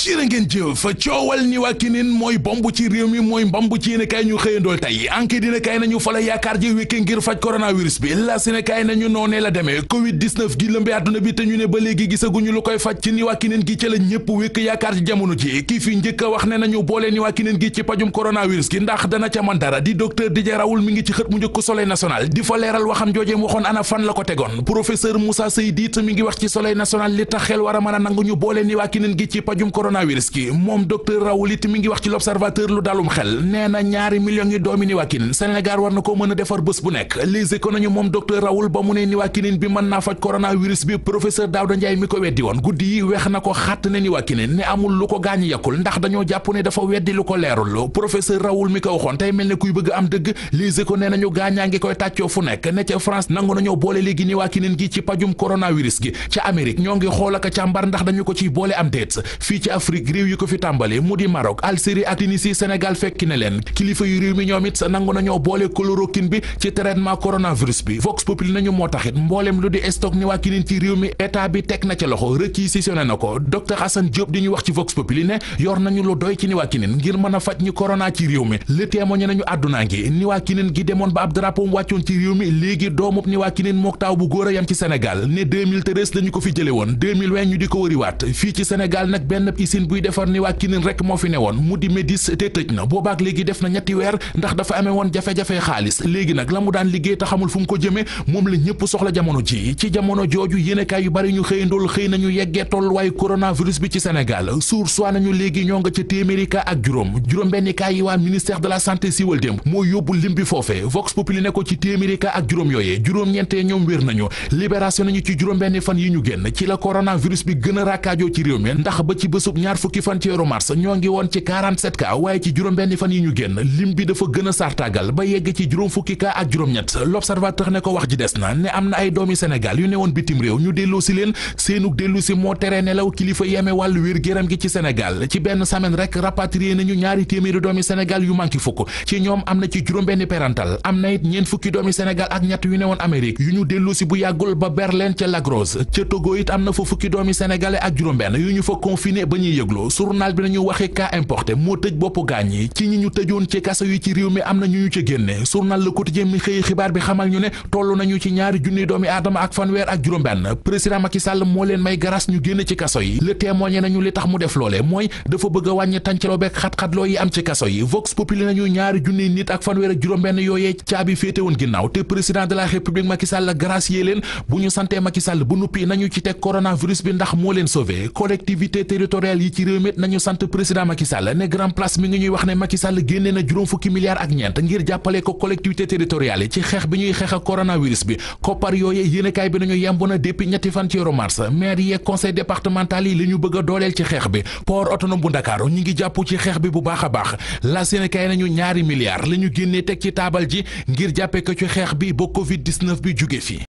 cirë ngeen jëf coowal ñi waa kinin mooy bomb ci réew mi mooy mbamb ci yéen kaay ñu xëyandool tey enquête dina kaay nañu fa la yaakaar ji wékke ngir faj coronavirus bi la nañu noonee la demee covid 19 gi àdduna bi te ñu ne ba léegi gisaguñu lu koy faj ci ni gi ci la wékk yaakaar ci jamono ji kii fi njëkk a wax ne nañu boolee ni gi ci pajum coronavirus gi ndax dana ca man dara di docteur Didier Raoult mi ngi ci xët mu njëkk coronavirus ko nee nañu gaañaa ngi koy tàccoo fu nekk ne ca France nangu nañoo boole léegi Niwakinin gi ci pajum coronavirus gi ca Amérique ñoo ngi xool ak càmbar ndax dañu ko ciy boole am déet fii ci afrique réew yi ko fi tàmbale mu di Maroc Algérie ak Tunisie Sénégal fekki na leen kilifa yu réew mi ñoom it nangu nañoo boole chloroquine bi ci traitement coronavirus bi vox populi nañu moo taxit mbooleem lu di stock ni ci réew mi état bi teg na ca loxo réquisitionné na ko docteur Assane Diop di ñu wax ci vox populi ne yor nañu lu doy ci ni ngir mën faj ñi corona ci réew mi le témoigné nañu àdduna ngi ni waa kinin gi demoon ba ab drapeau wàccoon ci réew mi léegi doomub ni waa kinin mook taaw bu piscine buy defar ni waa Kinin rek moo fi newoon mu di Médis te tëj na boobaak léegi def na ñetti weer ndax dafa amee woon jafe-jafe xaalis léegi nag la mu daan liggéey te xamul fu mu ko jëmee moom la ñëpp soxla jamono ji ci jamono jooju yéenekaay yu bari ñu xëy ndol xëy nañu yeggee tolluwaayu coronavirus bi ci Sénégal suur soit nañu léegi ñoo nga ca téeméeri cas ak juróom juróom benn cas yi waa ministère de la santé siiwal démb moo yóbbu lim bi foofee Vox ko ci téeméeri ak juróom yooyee juróom-ñeentee ñoom wér nañu libération nañu ci juróom benn fan yi ñu génn ci la coronavirus bi gën a ràkkaajoo ci ndax ñaar fukki fan ci weeru mars ñoo ngi woon ci 47 cas waaye ci juróom-benn fan yi ñu génn lim bi dafa gën a ba yegg ci juróom fukki cas ak juróom-ñett l'observateur ne ko wax ji des na ne am na ay doomi Sénégal yu ne woon bitim réew ñu delloo si leen seenug dellu si moo tere nelaw kilifa yeme wàllu wér géram gi ci Sénégal ci benn semaine rek rapatrié nañu ñaari téeméeri doomi Sénégal yu manki fukk ci ñoom am na ci juróom-benn parental am na it ñeent fukki doomi Sénégal ak ñett yu ne woon Amérique yu ñu dellu si bu yàggul ba Berlin ca Lagrose ca fukki doomi sénégalais ak juróom-benn yu ñu fa confiné ñuy yëgloo bi nañu waxee cas importé moo tëj boppu gaañ yi ci ñi ñu tëjoon ci kaso yi ci réew mi am na ñu ñu ci génne journal Le Quotidien mi xëy xibaar bi xamal ñu ne toll nañu ci ñaari junni doomi aadama ak fanweer ak juróom-benn président Macky moo leen may garas ñu génn ci kaso yi le témoigné nañu li tax mu def loole mooy dafa bëgg wàññi tàncaloo xat-xatloo yi am ci kaso yi vox populi nañu ñaari junni nit ak fanweer ak juróom-benn journal yi ci réew mi nañu sant président Macky Sall ne grand place mi ngi ñuy wax ne Macky Sall génnee na juróom fukki milliards ak ñeent ngir jàppale ko collectivité territoriale yi ci xeex bi ñuy xeex ak coronavirus bi koppar yooye yéenekaay bi nañu yemb na depuis ñetti fan ci weeru mars maire yeeg conseil départemental yi li ñu bëgg a dooleel ci xeex bi port autonome bu Ndakaaru ñu ngi jàpp ci xeex bi bu baax a baax la yéenekaay nañu ñaari milliards la ñu génnee teg ci taabal ji ngir jàppe ko ci xeex bi ba covid 19 bi jóge fi